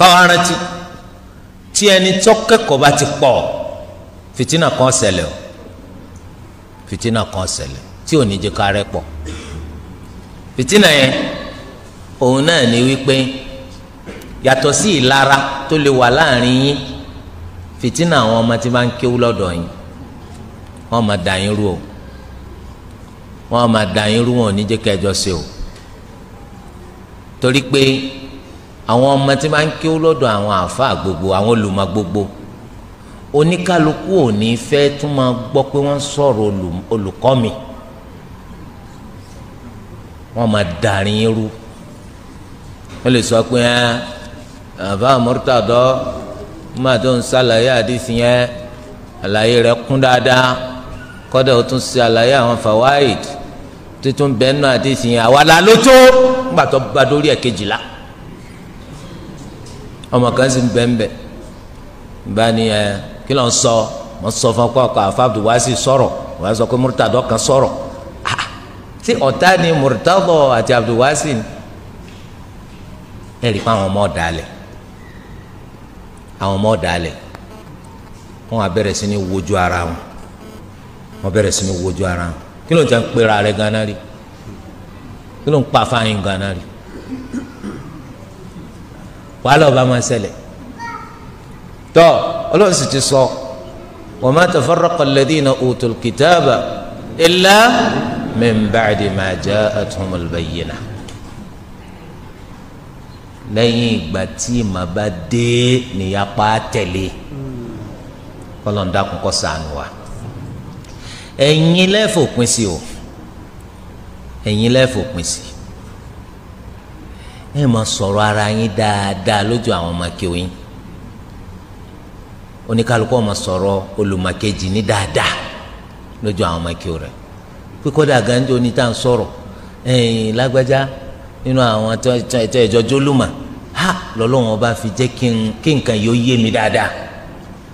káwọn arántí tí ẹni tó kẹ́kọ̀ọ́ bá ti pọ̀ fìtínà kan ṣẹlẹ̀ o fìtínà kan ṣẹlẹ̀ tí ò ní jẹ́ ká pọ̀ yẹn òun náà ní wípé yàtọ̀ sí ìlara tó lè wà láàrin yín fìtínà àwọn ọmọ tí bá ń kéwú lọ́dọ̀ yín wọ́n máa dà yín rú o wọ́n máa dà yín rú wọn ò ní o torí àwọn ọmọ tí máa ń kí ó lọ́dọ̀ àwọn àáfàá gbogbo àwọn olùmọ̀ gbogbo oníkálukú ò ní fẹ́ tún máa gbọ́ pé wọ́n sọ̀rọ̀ olùkọ́ mi wọ́n máa dàrin irú wọ́n lè sọ pé ẹ́ àbá Murtada má tó ń ṣàlàyé àdìsí yẹn àlàyé rẹ̀ kún dáadáa kọ́dà ó tún ṣe àlàyé àwọn fawaid tuntun bẹ́ẹ̀ náà àdìsí yẹn àwa la ló gbàtọ́ bá ẹ̀ kejìlá ọmọ kan sì ń bẹ́ńbẹ́ bá ní ẹ kí ló ń sọ mo sọ fún ọkọ ọkọ àfa Abdul Wasi sọ̀rọ̀ wàá sọ pé Murtadọ kan sọ̀rọ̀ tí ah, ọ̀tá ni Murtadọ àti Abdul Wasi ni ẹ rí i pé àwọn ọmọ ọ̀dà àwọn ọmọ ọ̀dà wọn á sí ní wojú ara wọn wọn bẹ̀rẹ̀ sí ní wojú ara wọn kí ló ń tẹ́ ń pera rẹ̀ ganan rí kí ló ń pa fáyín ganan rí wàhálà ọba máa ṣẹlẹ̀ tọ́ ọlọ́run sì ti sọ wa ma tafarraqa alladhina utul kitaba illa min ba'di ma ja'athumul bayyina lẹ́yìn ìgbà tí màá bá dé níyapa tẹ̀lé kọ́lọ́ndàkùn kọ́ sànù wa ẹ̀yin lẹ́fòpin sí o ẹ̀yin lẹ́fòpin sí i ẹ máa sọ̀rọ̀ ara yín dáadáa lójú àwọn ọmọ kéwì yín oníkálukú ọmọ sọ̀rọ̀ olùmọ̀kejì ní dáadáa lójú àwọn ọmọ kéwì rẹ̀ kíkọ́dà gánjọ́ ní tá à ń sọ̀rọ̀ ẹ̀yìn lágbájá nínú àwọn ẹ̀tọ́ ẹ̀jọ́ jólùmọ̀ ha lọ́lọ́wọ́n bá fi jẹ́ kí nǹkan yóò yé mi dáadáa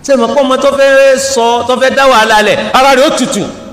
sẹ́mi ọ̀pọ̀ ọmọ tó fẹ́ sọ tó fẹ́ dá wàhálà lẹ̀ ara rẹ̀ ó tutù.